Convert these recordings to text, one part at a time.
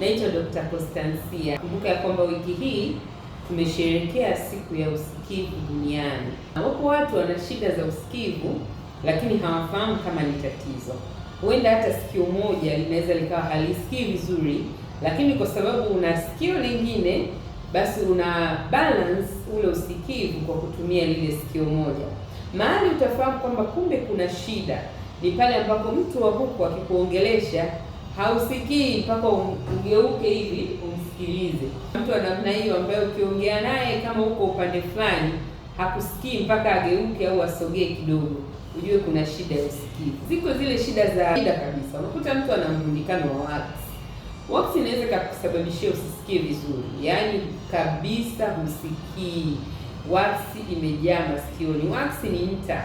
Naitwa Dr. Constancia. Kumbuka ya kwamba wiki hii tumesherehekea siku ya usikivu duniani. Wapo watu wana shida za usikivu lakini hawafahamu kama ni tatizo. Huenda hata sikio moja linaweza likawa halisikii vizuri, lakini kwa sababu una sikio lingine, basi una balance ule usikivu kwa kutumia lile sikio moja. Mahali utafahamu kwamba kumbe kuna shida ni pale ambapo mtu wa huku akikuongelesha hausikii mpaka um-, ugeuke hivi umsikilize. Mtu wa namna hiyo ambaye ukiongea naye kama uko upande fulani hakusikii mpaka ageuke au asogee kidogo, ujue kuna shida ya usikivu. Ziko zile shida za shida kabisa, unakuta mtu ana mrundikano wa wax. wakati, inaweza kakusababishia usisikie vizuri, yaani kabisa husikii. Wax imejaa masikioni. Wax ni nta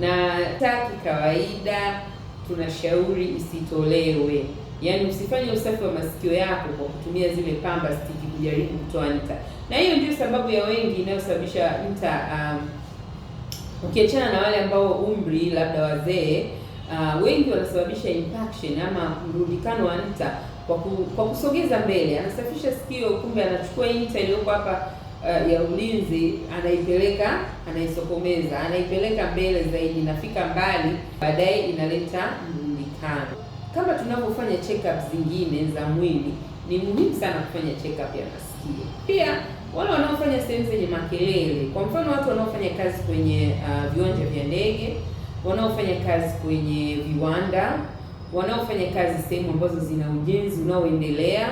na taki kawaida tunashauri isitolewe. Yaani usifanye usafi wa masikio yako kwa kutumia zile pamba stiki kujaribu kutoa nta, na hiyo ndio sababu ya wengi inayosababisha nta. Um, ukiachana na wale ambao umri labda wazee, uh, wengi wanasababisha impaction ama mrundikano wa nta kwa kusogeza mbele. Anasafisha sikio, kumbe anachukua nta iliyoko hapa uh, ya ulinzi anaipeleka, anaisokomeza, anaipeleka mbele zaidi, inafika mbali, baadaye inaleta mrundikano. Kama tunapofanya check-up zingine za mwili, ni muhimu sana kufanya check-up ya masikio pia. Wale wanaofanya sehemu zenye makelele, kwa mfano watu wanaofanya kazi kwenye uh, viwanja vya ndege, wanaofanya kazi kwenye viwanda, wanaofanya kazi sehemu ambazo zina ujenzi unaoendelea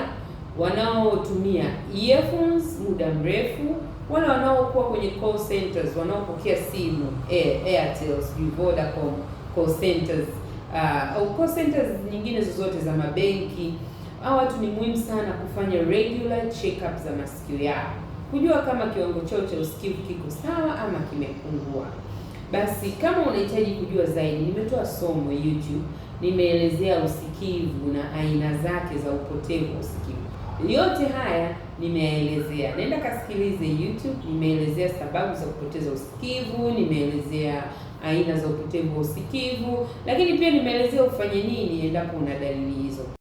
wanaotumia earphones muda mrefu, wale wanaokuwa kwenye call centers, wanaopokea simu eh, Airtel, sijui Vodacom call centers uh, au call centers nyingine zozote za mabenki. Hawa watu ni muhimu sana kufanya regular check-up za masikio yao, kujua kama kiwango chao cha usikivu kiko sawa ama kimepungua. Basi kama unahitaji kujua zaidi, nimetoa somo YouTube, nimeelezea usikivu na aina zake za upotevu wa usikivu. Yote haya nimeelezea, naenda kasikilize YouTube, nimeelezea sababu za kupoteza usikivu, nimeelezea aina za upotevu wa usikivu, lakini pia nimeelezea ufanye nini endapo una dalili hizo.